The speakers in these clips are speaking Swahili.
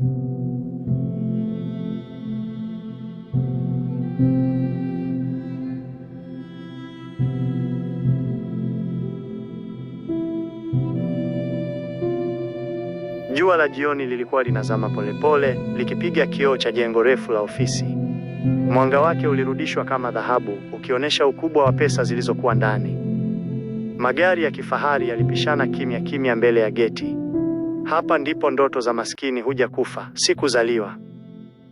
Jua la jioni lilikuwa linazama polepole likipiga kioo cha jengo refu la ofisi. Mwanga wake ulirudishwa kama dhahabu, ukionyesha ukubwa wa pesa zilizokuwa ndani. Magari ya kifahari yalipishana kimya kimya mbele ya geti. Hapa ndipo ndoto za maskini huja kufa, si kuzaliwa.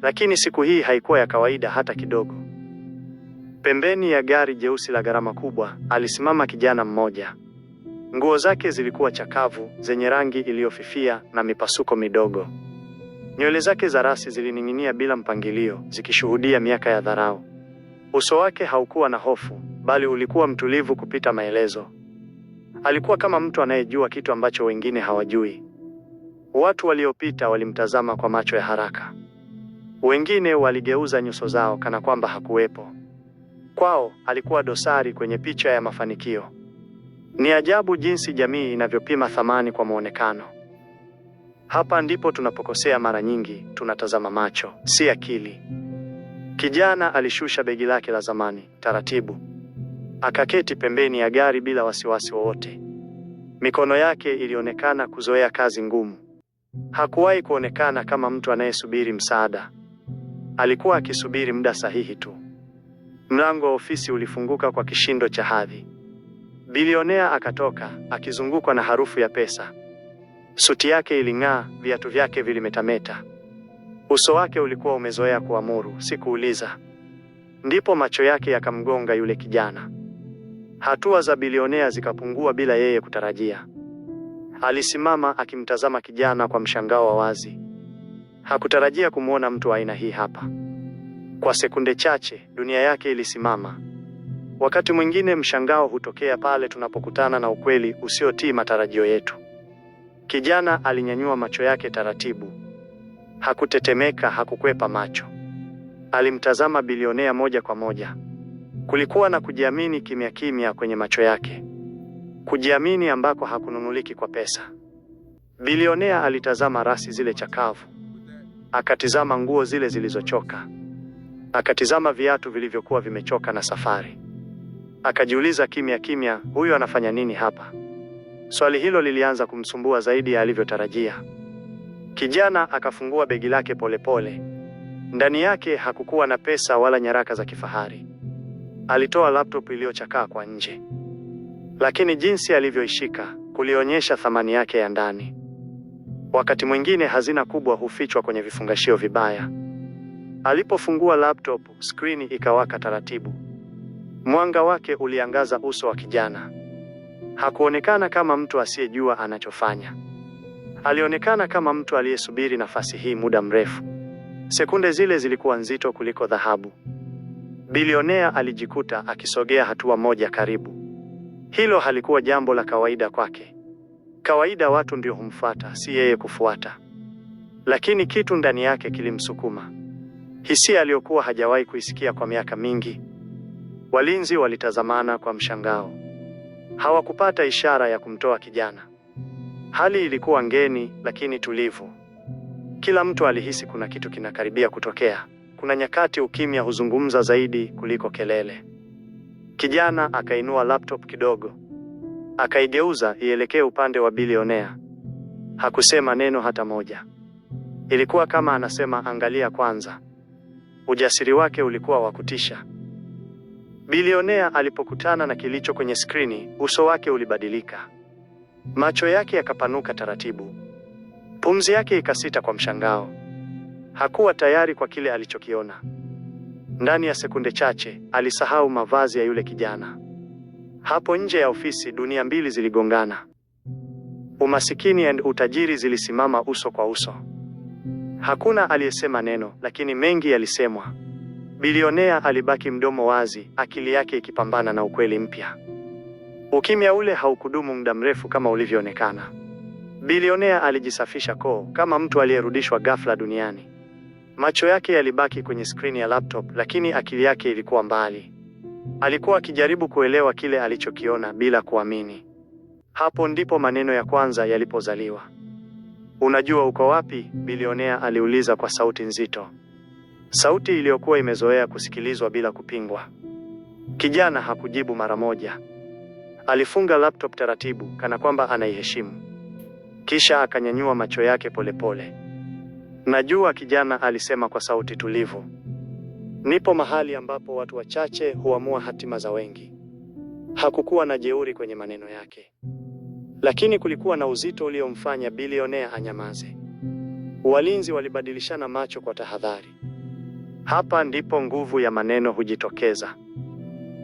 Lakini siku hii haikuwa ya kawaida hata kidogo. Pembeni ya gari jeusi la gharama kubwa alisimama kijana mmoja. Nguo zake zilikuwa chakavu, zenye rangi iliyofifia na mipasuko midogo. Nywele zake za rasi zilining'inia bila mpangilio, zikishuhudia miaka ya dharau. Uso wake haukuwa na hofu, bali ulikuwa mtulivu kupita maelezo. Alikuwa kama mtu anayejua kitu ambacho wengine hawajui. Watu waliopita walimtazama kwa macho ya haraka, wengine waligeuza nyuso zao kana kwamba hakuwepo. Kwao alikuwa dosari kwenye picha ya mafanikio. Ni ajabu jinsi jamii inavyopima thamani kwa muonekano. Hapa ndipo tunapokosea mara nyingi, tunatazama macho, si akili. Kijana alishusha begi lake la zamani taratibu, akaketi pembeni ya gari bila wasiwasi wowote. Mikono yake ilionekana kuzoea kazi ngumu. Hakuwahi kuonekana kama mtu anayesubiri msaada. Alikuwa akisubiri muda sahihi tu. Mlango wa ofisi ulifunguka kwa kishindo cha hadhi. Bilionea akatoka akizungukwa na harufu ya pesa. Suti yake iling'aa, viatu vyake vilimetameta. Uso wake ulikuwa umezoea kuamuru, si kuuliza. Ndipo macho yake yakamgonga yule kijana. Hatua za bilionea zikapungua bila yeye kutarajia. Alisimama akimtazama kijana kwa mshangao wa wazi. Hakutarajia kumwona mtu wa aina hii hapa. Kwa sekunde chache, dunia yake ilisimama. Wakati mwingine mshangao hutokea pale tunapokutana na ukweli usiotii matarajio yetu. Kijana alinyanyua macho yake taratibu. Hakutetemeka, hakukwepa macho. Alimtazama bilionea moja kwa moja. Kulikuwa na kujiamini kimya kimya kwenye macho yake kujiamini ambako hakununuliki kwa pesa. Bilionea alitazama rasi zile chakavu, akatizama nguo zile zilizochoka, akatizama viatu vilivyokuwa vimechoka na safari, akajiuliza kimya kimya, huyu anafanya nini hapa? Swali hilo lilianza kumsumbua zaidi ya alivyotarajia. Kijana akafungua begi lake polepole. Ndani yake hakukuwa na pesa wala nyaraka za kifahari. Alitoa laptop iliyochakaa kwa nje lakini jinsi alivyoishika kulionyesha thamani yake ya ndani. Wakati mwingine hazina kubwa hufichwa kwenye vifungashio vibaya. Alipofungua laptop, skrini ikawaka taratibu. Mwanga wake uliangaza uso wa kijana. Hakuonekana kama mtu asiyejua anachofanya. Alionekana kama mtu aliyesubiri nafasi hii muda mrefu. Sekunde zile zilikuwa nzito kuliko dhahabu. Bilionea alijikuta akisogea hatua moja karibu. Hilo halikuwa jambo la kawaida kwake. Kawaida watu ndio humfuata, si yeye kufuata. Lakini kitu ndani yake kilimsukuma, hisia aliyokuwa hajawahi kuisikia kwa miaka mingi. Walinzi walitazamana kwa mshangao, hawakupata ishara ya kumtoa kijana. Hali ilikuwa ngeni lakini tulivu. Kila mtu alihisi kuna kitu kinakaribia kutokea. Kuna nyakati ukimya huzungumza zaidi kuliko kelele. Kijana akainua laptop kidogo, akaigeuza ielekee upande wa bilionea. Hakusema neno hata moja, ilikuwa kama anasema angalia kwanza. Ujasiri wake ulikuwa wa kutisha. Bilionea alipokutana na kilicho kwenye skrini, uso wake ulibadilika, macho yake yakapanuka taratibu, pumzi yake ikasita kwa mshangao. Hakuwa tayari kwa kile alichokiona. Ndani ya sekunde chache alisahau mavazi ya yule kijana. Hapo nje ya ofisi, dunia mbili ziligongana. Umasikini and utajiri zilisimama uso kwa uso. Hakuna aliyesema neno, lakini mengi yalisemwa. Bilionea alibaki mdomo wazi, akili yake ikipambana na ukweli mpya. Ukimya ule haukudumu muda mrefu kama ulivyoonekana. Bilionea alijisafisha koo kama mtu aliyerudishwa ghafla duniani. Macho yake yalibaki kwenye skrini ya laptop, lakini akili yake ilikuwa mbali. Alikuwa akijaribu kuelewa kile alichokiona bila kuamini. Hapo ndipo maneno ya kwanza yalipozaliwa. Unajua uko wapi? Bilionea aliuliza kwa sauti nzito, sauti iliyokuwa imezoea kusikilizwa bila kupingwa. Kijana hakujibu mara moja. Alifunga laptop taratibu, kana kwamba anaiheshimu, kisha akanyanyua macho yake polepole pole. Najua, kijana alisema kwa sauti tulivu. Nipo mahali ambapo watu wachache huamua hatima za wengi. Hakukuwa na jeuri kwenye maneno yake, lakini kulikuwa na uzito uliomfanya bilionea anyamaze. Walinzi walibadilishana macho kwa tahadhari. Hapa ndipo nguvu ya maneno hujitokeza,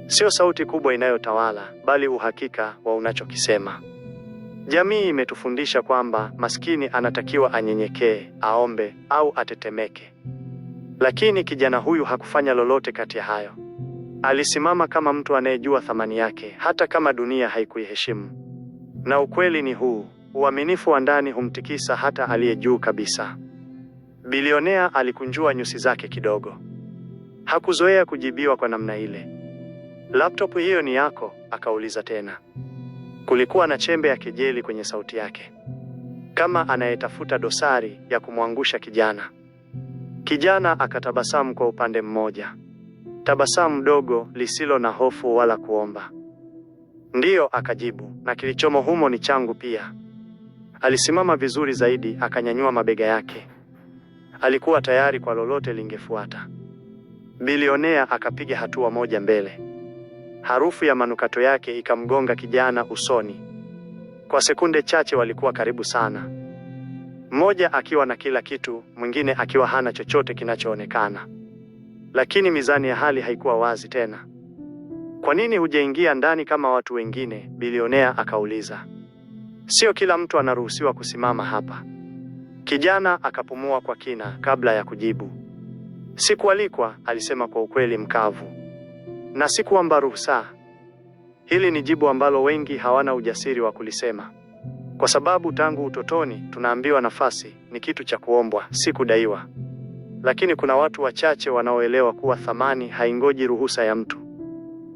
sio sauti kubwa inayotawala, bali uhakika wa unachokisema. Jamii imetufundisha kwamba maskini anatakiwa anyenyekee, aombe au atetemeke, lakini kijana huyu hakufanya lolote kati ya hayo. Alisimama kama mtu anayejua thamani yake, hata kama dunia haikuiheshimu. Na ukweli ni huu: uaminifu wa ndani humtikisa hata aliye juu kabisa. Bilionea alikunjua nyusi zake kidogo. Hakuzoea kujibiwa kwa namna ile. Laptop hiyo ni yako? akauliza tena. Kulikuwa na chembe ya kejeli kwenye sauti yake, kama anayetafuta dosari ya kumwangusha kijana. Kijana akatabasamu kwa upande mmoja, tabasamu dogo lisilo na hofu wala kuomba. Ndiyo, akajibu, na kilichomo humo ni changu pia. Alisimama vizuri zaidi, akanyanyua mabega yake. Alikuwa tayari kwa lolote lingefuata. Bilionea akapiga hatua moja mbele. Harufu ya manukato yake ikamgonga kijana usoni. Kwa sekunde chache walikuwa karibu sana, mmoja akiwa na kila kitu, mwingine akiwa hana chochote kinachoonekana. Lakini mizani ya hali haikuwa wazi tena. Kwa nini hujaingia ndani kama watu wengine? Bilionea akauliza. Sio kila mtu anaruhusiwa kusimama hapa. Kijana akapumua kwa kina kabla ya kujibu. Sikualikwa, alisema kwa ukweli mkavu na si kuomba ruhusa. Hili ni jibu ambalo wengi hawana ujasiri wa kulisema, kwa sababu tangu utotoni tunaambiwa nafasi ni kitu cha kuombwa, si kudaiwa. Lakini kuna watu wachache wanaoelewa kuwa thamani haingoji ruhusa ya mtu.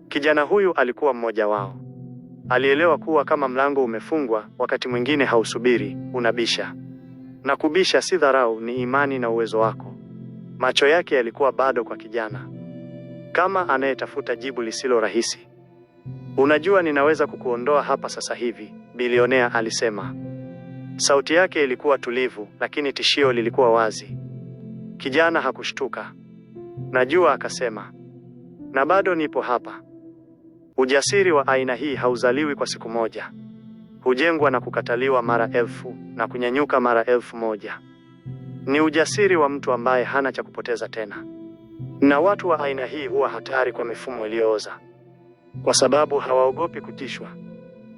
Kijana huyu alikuwa mmoja wao. Alielewa kuwa kama mlango umefungwa, wakati mwingine hausubiri, unabisha. Na kubisha si dharau, ni imani na uwezo wako. Macho yake yalikuwa bado kwa kijana kama anayetafuta jibu lisilo rahisi. Unajua, ninaweza kukuondoa hapa sasa hivi, bilionea alisema. Sauti yake ilikuwa tulivu, lakini tishio lilikuwa wazi. Kijana hakushtuka. Najua, akasema, na bado nipo hapa. Ujasiri wa aina hii hauzaliwi kwa siku moja, hujengwa na kukataliwa mara elfu na kunyanyuka mara elfu moja. Ni ujasiri wa mtu ambaye hana cha kupoteza tena. Na watu wa aina hii huwa hatari kwa mifumo iliyooza, kwa sababu hawaogopi kutishwa.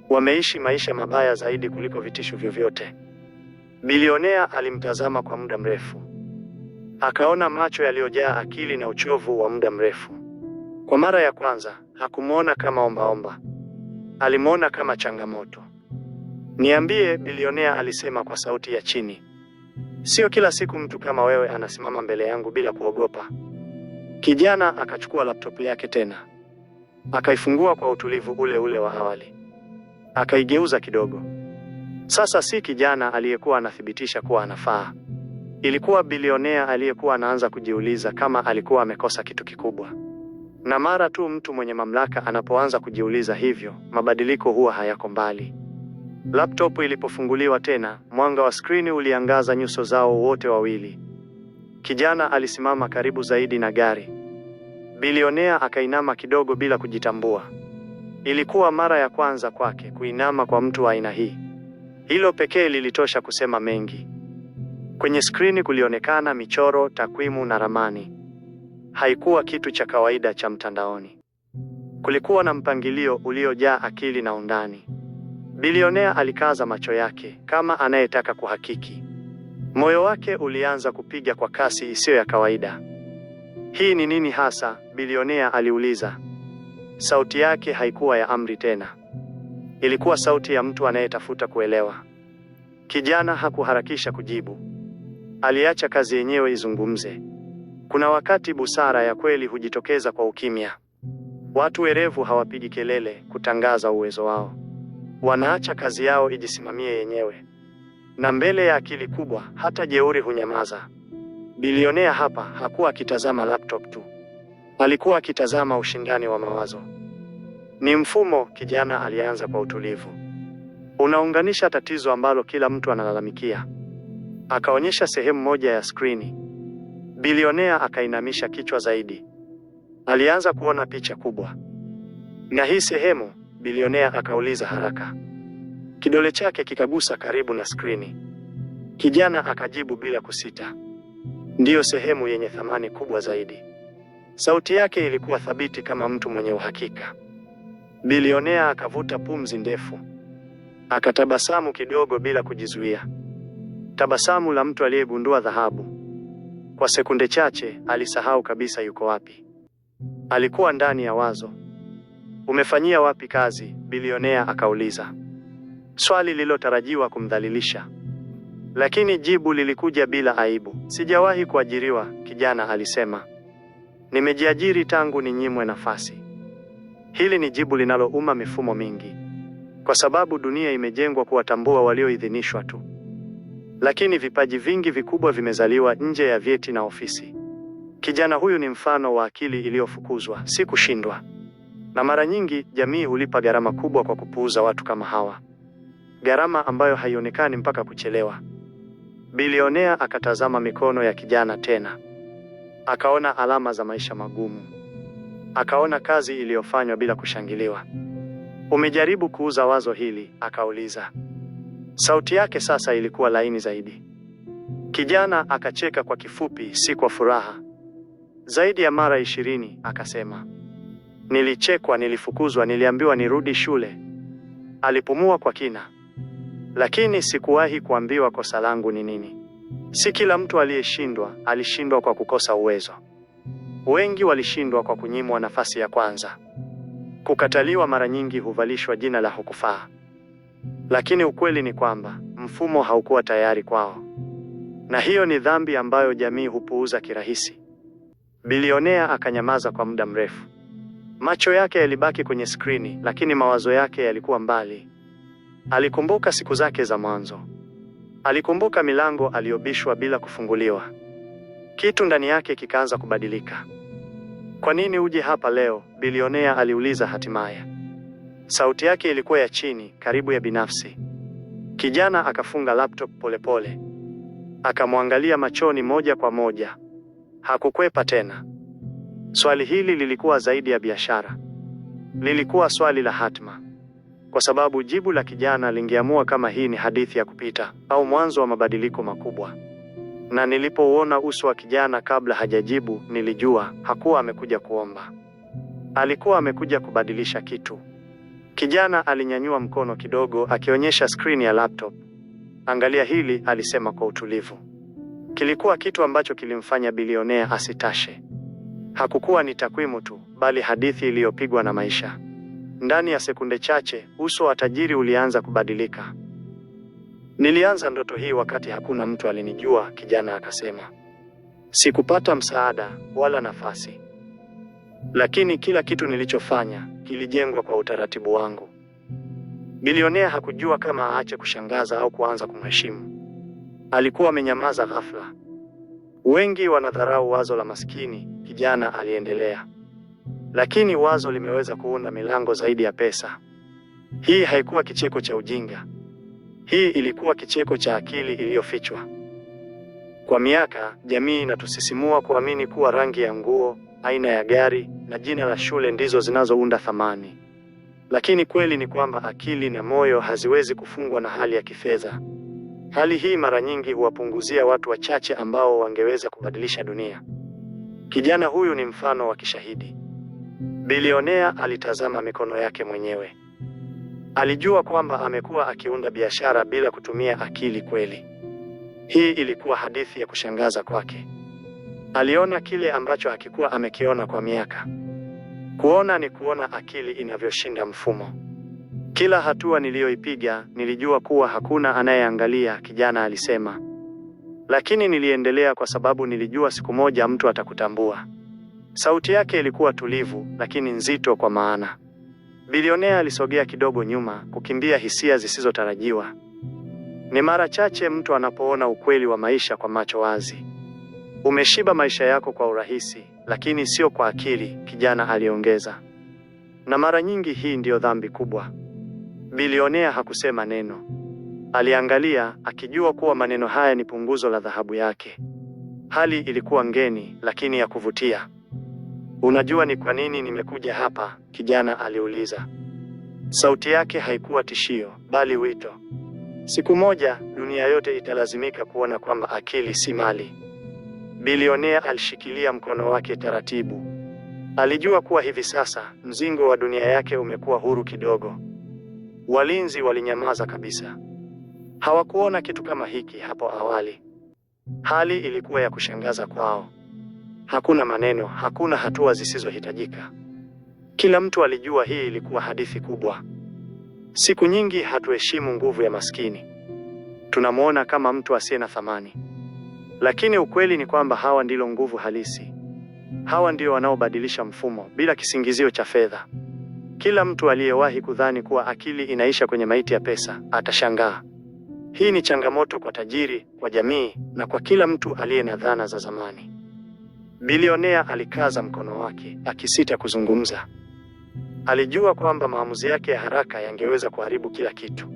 Wameishi maisha mabaya zaidi kuliko vitisho vyovyote. Bilionea alimtazama kwa muda mrefu, akaona macho yaliyojaa akili na uchovu wa muda mrefu. Kwa mara ya kwanza hakumwona kama ombaomba, alimwona kama changamoto. Niambie, bilionea alisema kwa sauti ya chini, sio kila siku mtu kama wewe anasimama mbele yangu bila kuogopa. Kijana akachukua laptop yake tena, akaifungua kwa utulivu ule ule wa awali, akaigeuza kidogo. Sasa si kijana aliyekuwa anathibitisha kuwa anafaa, ilikuwa bilionea aliyekuwa anaanza kujiuliza kama alikuwa amekosa kitu kikubwa. Na mara tu mtu mwenye mamlaka anapoanza kujiuliza hivyo, mabadiliko huwa hayako mbali. Laptop ilipofunguliwa tena, mwanga wa skrini uliangaza nyuso zao wote wawili. Kijana alisimama karibu zaidi na gari. Bilionea akainama kidogo bila kujitambua. Ilikuwa mara ya kwanza kwake kuinama kwa mtu wa aina hii. Hilo pekee lilitosha kusema mengi. Kwenye skrini kulionekana michoro, takwimu na ramani. Haikuwa kitu cha kawaida cha mtandaoni. Kulikuwa na mpangilio uliojaa akili na undani. Bilionea alikaza macho yake kama anayetaka kuhakiki. Moyo wake ulianza kupiga kwa kasi isiyo ya kawaida. Hii ni nini hasa? Bilionea aliuliza. Sauti yake haikuwa ya amri tena. Ilikuwa sauti ya mtu anayetafuta kuelewa. Kijana hakuharakisha kujibu. Aliacha kazi yenyewe izungumze. Kuna wakati busara ya kweli hujitokeza kwa ukimya. Watu werevu hawapigi kelele kutangaza uwezo wao. Wanaacha kazi yao ijisimamie yenyewe na mbele ya akili kubwa hata jeuri hunyamaza. Bilionea hapa hakuwa akitazama laptop tu, alikuwa akitazama ushindani wa mawazo. Ni mfumo, kijana alianza kwa utulivu, unaunganisha tatizo ambalo kila mtu analalamikia. Akaonyesha sehemu moja ya skrini. Bilionea akainamisha kichwa zaidi, alianza kuona picha kubwa. Na hii sehemu, bilionea akauliza haraka Kidole chake kikagusa karibu na skrini. Kijana akajibu bila kusita, ndiyo sehemu yenye thamani kubwa zaidi. Sauti yake ilikuwa thabiti kama mtu mwenye uhakika. Bilionea akavuta pumzi ndefu, akatabasamu kidogo bila kujizuia, tabasamu la mtu aliyegundua dhahabu. Kwa sekunde chache alisahau kabisa yuko wapi. Alikuwa ndani ya wazo. Umefanyia wapi kazi? Bilionea akauliza swali lililotarajiwa kumdhalilisha, lakini jibu lilikuja bila aibu. Sijawahi kuajiriwa, kijana alisema, nimejiajiri tangu ninyimwe nafasi. Hili ni jibu linalouma mifumo mingi, kwa sababu dunia imejengwa kuwatambua walioidhinishwa tu, lakini vipaji vingi vikubwa vimezaliwa nje ya vyeti na ofisi. Kijana huyu ni mfano wa akili iliyofukuzwa, si kushindwa, na mara nyingi jamii hulipa gharama kubwa kwa kupuuza watu kama hawa gharama ambayo haionekani mpaka kuchelewa. Bilionea akatazama mikono ya kijana tena, akaona alama za maisha magumu, akaona kazi iliyofanywa bila kushangiliwa. Umejaribu kuuza wazo hili? akauliza. Sauti yake sasa ilikuwa laini zaidi. Kijana akacheka kwa kifupi, si kwa furaha. Zaidi ya mara ishirini akasema, nilichekwa, nilifukuzwa, niliambiwa nirudi shule. Alipumua kwa kina lakini sikuwahi kuambiwa kosa langu ni nini. Si kila mtu aliyeshindwa alishindwa kwa kukosa uwezo. Wengi walishindwa kwa kunyimwa nafasi ya kwanza. Kukataliwa mara nyingi huvalishwa jina la hukufaa, lakini ukweli ni kwamba mfumo haukuwa tayari kwao, na hiyo ni dhambi ambayo jamii hupuuza kirahisi. Bilionea akanyamaza kwa muda mrefu. Macho yake yalibaki kwenye skrini, lakini mawazo yake yalikuwa mbali. Alikumbuka siku zake za mwanzo. Alikumbuka milango aliyobishwa bila kufunguliwa. Kitu ndani yake kikaanza kubadilika. Kwa nini uje hapa leo? Bilionea aliuliza hatimaye. Sauti yake ilikuwa ya chini, karibu ya binafsi. Kijana akafunga laptop polepole. Akamwangalia machoni moja kwa moja. Hakukwepa tena. Swali hili lilikuwa zaidi ya biashara. Lilikuwa swali la hatima kwa sababu jibu la kijana lingeamua kama hii ni hadithi ya kupita au mwanzo wa mabadiliko makubwa. Na nilipouona uso wa kijana kabla hajajibu, nilijua hakuwa amekuja kuomba, alikuwa amekuja kubadilisha kitu. Kijana alinyanyua mkono kidogo, akionyesha skrini ya laptop. Angalia hili, alisema kwa utulivu. Kilikuwa kitu ambacho kilimfanya bilionea asitashe. Hakukuwa ni takwimu tu, bali hadithi iliyopigwa na maisha. Ndani ya sekunde chache uso wa tajiri ulianza kubadilika. Nilianza ndoto hii wakati hakuna mtu alinijua, kijana akasema. Sikupata msaada wala nafasi, lakini kila kitu nilichofanya kilijengwa kwa utaratibu wangu. Bilionea hakujua kama aache kushangaza au kuanza kumheshimu. Alikuwa amenyamaza ghafla. Wengi wanadharau wazo la maskini, kijana aliendelea lakini wazo limeweza kuunda milango zaidi ya pesa. Hii haikuwa kicheko cha ujinga, hii ilikuwa kicheko cha akili iliyofichwa. Kwa miaka, jamii inatusisimua kuamini kuwa rangi ya nguo, aina ya gari na jina la shule ndizo zinazounda thamani, lakini kweli ni kwamba akili na moyo haziwezi kufungwa na hali ya kifedha. Hali hii mara nyingi huwapunguzia watu wachache ambao wangeweza kubadilisha dunia. Kijana huyu ni mfano wa kishahidi. Bilionea alitazama mikono yake mwenyewe. Alijua kwamba amekuwa akiunda biashara bila kutumia akili kweli. Hii ilikuwa hadithi ya kushangaza kwake. Aliona kile ambacho akikuwa amekiona kwa miaka. Kuona ni kuona akili inavyoshinda mfumo. Kila hatua niliyoipiga nilijua kuwa hakuna anayeangalia, kijana alisema, lakini niliendelea kwa sababu nilijua siku moja mtu atakutambua. Sauti yake ilikuwa tulivu lakini nzito kwa maana. Bilionea alisogea kidogo nyuma, kukimbia hisia zisizotarajiwa. Ni mara chache mtu anapoona ukweli wa maisha kwa macho wazi. Umeshiba maisha yako kwa urahisi, lakini sio kwa akili, kijana aliongeza, na mara nyingi hii ndiyo dhambi kubwa. Bilionea hakusema neno, aliangalia akijua kuwa maneno haya ni punguzo la dhahabu yake. Hali ilikuwa ngeni, lakini ya kuvutia. Unajua ni kwa nini nimekuja hapa? Kijana aliuliza. Sauti yake haikuwa tishio, bali wito. Siku moja dunia yote italazimika kuona kwamba akili si mali. Bilionea alishikilia mkono wake taratibu. Alijua kuwa hivi sasa mzingo wa dunia yake umekuwa huru kidogo. Walinzi walinyamaza kabisa. Hawakuona kitu kama hiki hapo awali. Hali ilikuwa ya kushangaza kwao. Hakuna maneno, hakuna hatua zisizohitajika. Kila mtu alijua hii ilikuwa hadithi kubwa. Siku nyingi hatuheshimu nguvu ya maskini, tunamwona kama mtu asiye na thamani, lakini ukweli ni kwamba hawa ndilo nguvu halisi. Hawa ndio wanaobadilisha mfumo bila kisingizio cha fedha. Kila mtu aliyewahi kudhani kuwa akili inaisha kwenye maiti ya pesa atashangaa. Hii ni changamoto kwa tajiri, kwa jamii na kwa kila mtu aliye na dhana za zamani. Bilionea alikaza mkono wake akisita kuzungumza. Alijua kwamba maamuzi yake ya haraka yangeweza kuharibu kila kitu.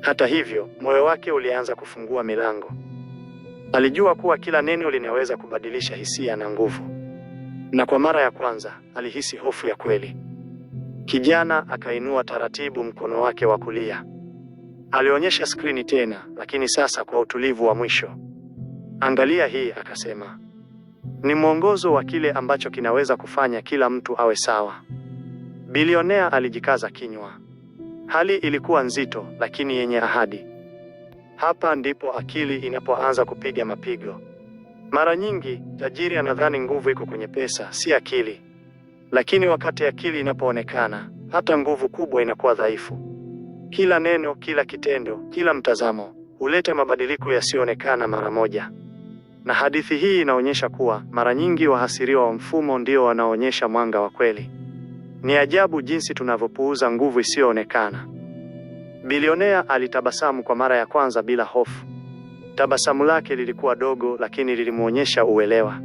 Hata hivyo, moyo wake ulianza kufungua milango. Alijua kuwa kila neno linaweza kubadilisha hisia na nguvu, na kwa mara ya kwanza alihisi hofu ya kweli. Kijana akainua taratibu mkono wake wa kulia. Alionyesha skrini tena, lakini sasa kwa utulivu wa mwisho. Angalia hii, akasema. Ni mwongozo wa kile ambacho kinaweza kufanya kila mtu awe sawa. Bilionea alijikaza kinywa. Hali ilikuwa nzito lakini yenye ahadi. Hapa ndipo akili inapoanza kupiga mapigo. Mara nyingi tajiri anadhani nguvu iko kwenye pesa, si akili. Lakini wakati akili inapoonekana, hata nguvu kubwa inakuwa dhaifu. Kila neno, kila kitendo, kila mtazamo huleta mabadiliko yasiyoonekana mara moja na hadithi hii inaonyesha kuwa mara nyingi wahasiriwa wa mfumo ndio wanaonyesha mwanga wa kweli. Ni ajabu jinsi tunavyopuuza nguvu isiyoonekana. Bilionea alitabasamu kwa mara ya kwanza bila hofu. Tabasamu lake lilikuwa dogo, lakini lilimwonyesha uelewa.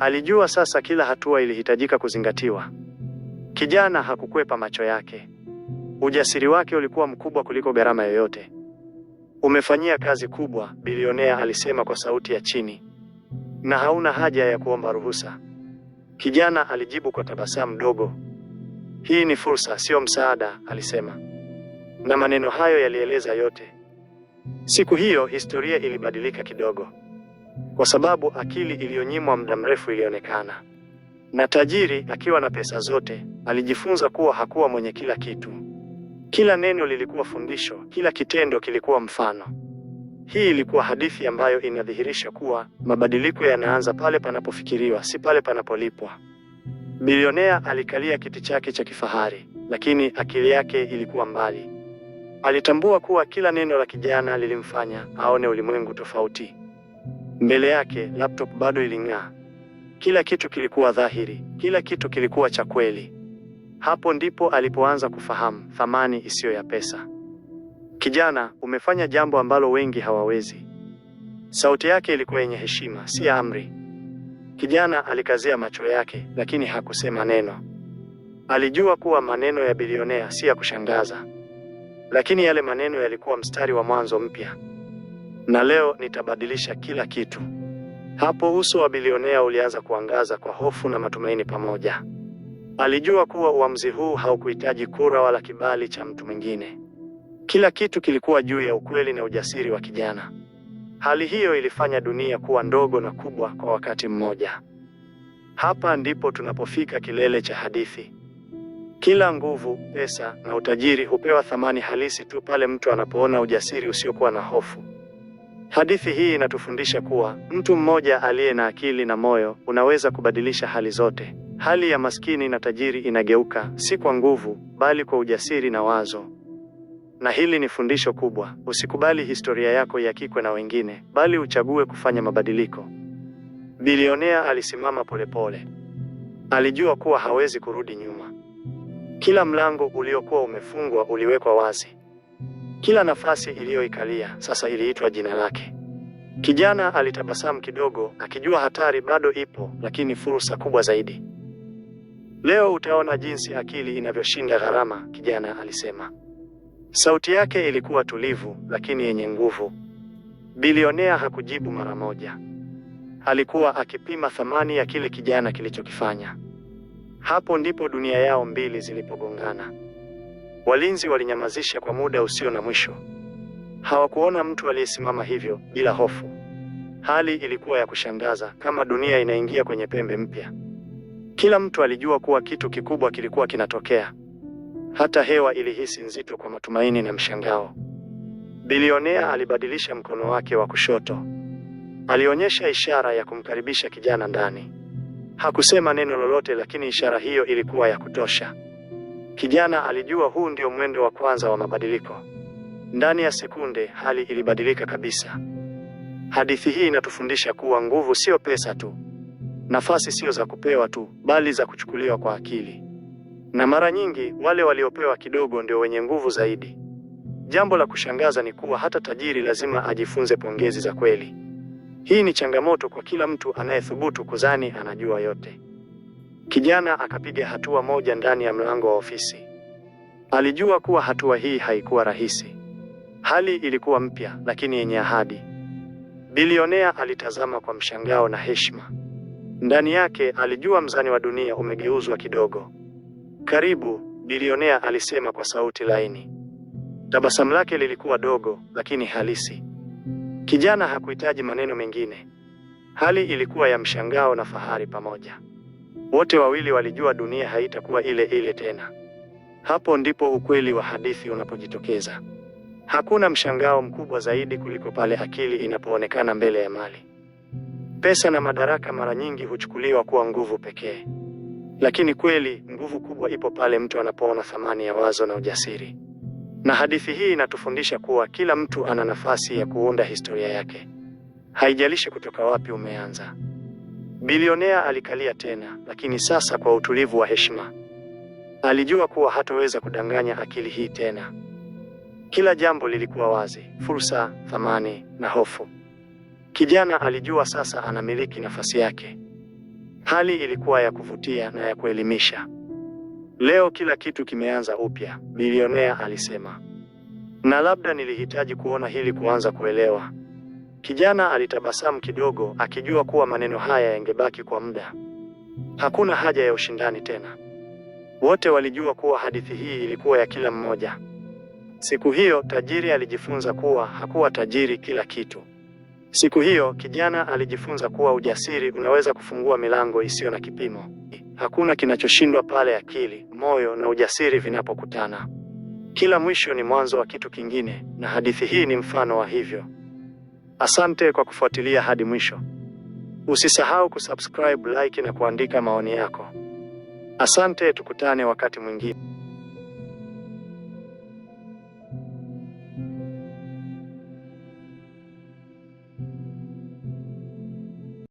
Alijua sasa kila hatua ilihitajika kuzingatiwa. Kijana hakukwepa macho yake. Ujasiri wake ulikuwa mkubwa kuliko gharama yoyote. Umefanyia kazi kubwa, bilionea alisema kwa sauti ya chini, na hauna haja ya kuomba ruhusa, kijana alijibu kwa tabasamu dogo. Hii ni fursa, sio msaada, alisema, na maneno hayo yalieleza yote. Siku hiyo historia ilibadilika kidogo, kwa sababu akili iliyonyimwa muda mrefu ilionekana, na tajiri akiwa na pesa zote alijifunza kuwa hakuwa mwenye kila kitu. Kila neno lilikuwa fundisho, kila kitendo kilikuwa mfano. Hii ilikuwa hadithi ambayo inadhihirisha kuwa mabadiliko yanaanza pale panapofikiriwa, si pale panapolipwa. Bilionea alikalia kiti chake cha kifahari, lakini akili yake ilikuwa mbali. Alitambua kuwa kila neno la kijana lilimfanya aone ulimwengu tofauti. Mbele yake laptop bado iling'aa. Kila kitu kilikuwa dhahiri, kila kitu kilikuwa cha kweli. Hapo ndipo alipoanza kufahamu thamani isiyo ya pesa. Kijana, umefanya jambo ambalo wengi hawawezi. Sauti yake ilikuwa yenye heshima, si amri. Kijana alikazia macho yake, lakini hakusema neno. Alijua kuwa maneno ya bilionea si ya kushangaza, lakini yale maneno yalikuwa mstari wa mwanzo mpya. Na leo nitabadilisha kila kitu. Hapo uso wa bilionea ulianza kuangaza kwa hofu na matumaini pamoja. Alijua kuwa uamuzi huu haukuhitaji kura wala kibali cha mtu mwingine. Kila kitu kilikuwa juu ya ukweli na ujasiri wa kijana. Hali hiyo ilifanya dunia kuwa ndogo na kubwa kwa wakati mmoja. Hapa ndipo tunapofika kilele cha hadithi. Kila nguvu, pesa na utajiri hupewa thamani halisi tu pale mtu anapoona ujasiri usiokuwa na hofu. Hadithi hii inatufundisha kuwa mtu mmoja aliye na akili na moyo unaweza kubadilisha hali zote. Hali ya maskini na tajiri inageuka, si kwa nguvu, bali kwa ujasiri na wazo. Na hili ni fundisho kubwa: usikubali historia yako iakikwe na wengine, bali uchague kufanya mabadiliko. Bilionea alisimama polepole. Alijua kuwa hawezi kurudi nyuma. Kila mlango uliokuwa umefungwa uliwekwa wazi. Kila nafasi iliyoikalia sasa iliitwa jina lake. Kijana alitabasamu kidogo, akijua hatari bado ipo, lakini fursa kubwa zaidi. Leo utaona jinsi akili inavyoshinda gharama, kijana alisema. Sauti yake ilikuwa tulivu lakini yenye nguvu. Bilionea hakujibu mara moja. Alikuwa akipima thamani ya kile kijana kilichokifanya. Hapo ndipo dunia yao mbili zilipogongana. Walinzi walinyamazisha kwa muda usio na mwisho. Hawakuona mtu aliyesimama hivyo bila hofu. Hali ilikuwa ya kushangaza, kama dunia inaingia kwenye pembe mpya. Kila mtu alijua kuwa kitu kikubwa kilikuwa kinatokea. Hata hewa ilihisi nzito kwa matumaini na mshangao. Bilionea alibadilisha mkono wake wa kushoto, alionyesha ishara ya kumkaribisha kijana ndani. Hakusema neno lolote, lakini ishara hiyo ilikuwa ya kutosha. Kijana alijua huu ndio mwendo wa kwanza wa mabadiliko. Ndani ya sekunde hali ilibadilika kabisa. Hadithi hii inatufundisha kuwa nguvu sio pesa tu, Nafasi sio za kupewa tu, bali za kuchukuliwa kwa akili, na mara nyingi wale waliopewa kidogo ndio wenye nguvu zaidi. Jambo la kushangaza ni kuwa hata tajiri lazima ajifunze pongezi za kweli. Hii ni changamoto kwa kila mtu anayethubutu kuzani anajua yote. Kijana akapiga hatua moja ndani ya mlango wa ofisi. Alijua kuwa hatua hii haikuwa rahisi. Hali ilikuwa mpya, lakini yenye ahadi. Bilionea alitazama kwa mshangao na heshima. Ndani yake alijua mzani wa dunia umegeuzwa kidogo. Karibu, bilionea alisema kwa sauti laini. Tabasamu lake lilikuwa dogo lakini halisi. Kijana hakuhitaji maneno mengine. Hali ilikuwa ya mshangao na fahari pamoja. Wote wawili walijua dunia haitakuwa ile ile tena. Hapo ndipo ukweli wa hadithi unapojitokeza. Hakuna mshangao mkubwa zaidi kuliko pale akili inapoonekana mbele ya mali. Pesa na madaraka mara nyingi huchukuliwa kuwa nguvu pekee, lakini kweli nguvu kubwa ipo pale mtu anapoona thamani ya wazo na ujasiri. Na hadithi hii inatufundisha kuwa kila mtu ana nafasi ya kuunda historia yake, haijalishi kutoka wapi umeanza. Bilionea alikalia tena, lakini sasa kwa utulivu wa heshima. Alijua kuwa hatoweza kudanganya akili hii tena. Kila jambo lilikuwa wazi: fursa, thamani na hofu. Kijana alijua sasa anamiliki nafasi yake. Hali ilikuwa ya kuvutia na ya kuelimisha. Leo kila kitu kimeanza upya, bilionea alisema, na labda nilihitaji kuona hili kuanza kuelewa. Kijana alitabasamu kidogo, akijua kuwa maneno haya yangebaki kwa muda. Hakuna haja ya ushindani tena. Wote walijua kuwa hadithi hii ilikuwa ya kila mmoja. Siku hiyo tajiri alijifunza kuwa hakuwa tajiri kila kitu. Siku hiyo kijana alijifunza kuwa ujasiri unaweza kufungua milango isiyo na kipimo. Hakuna kinachoshindwa pale akili, moyo na ujasiri vinapokutana. Kila mwisho ni mwanzo wa kitu kingine, na hadithi hii ni mfano wa hivyo. Asante kwa kufuatilia hadi mwisho. Usisahau kusubscribe, like na kuandika maoni yako. Asante, tukutane wakati mwingine.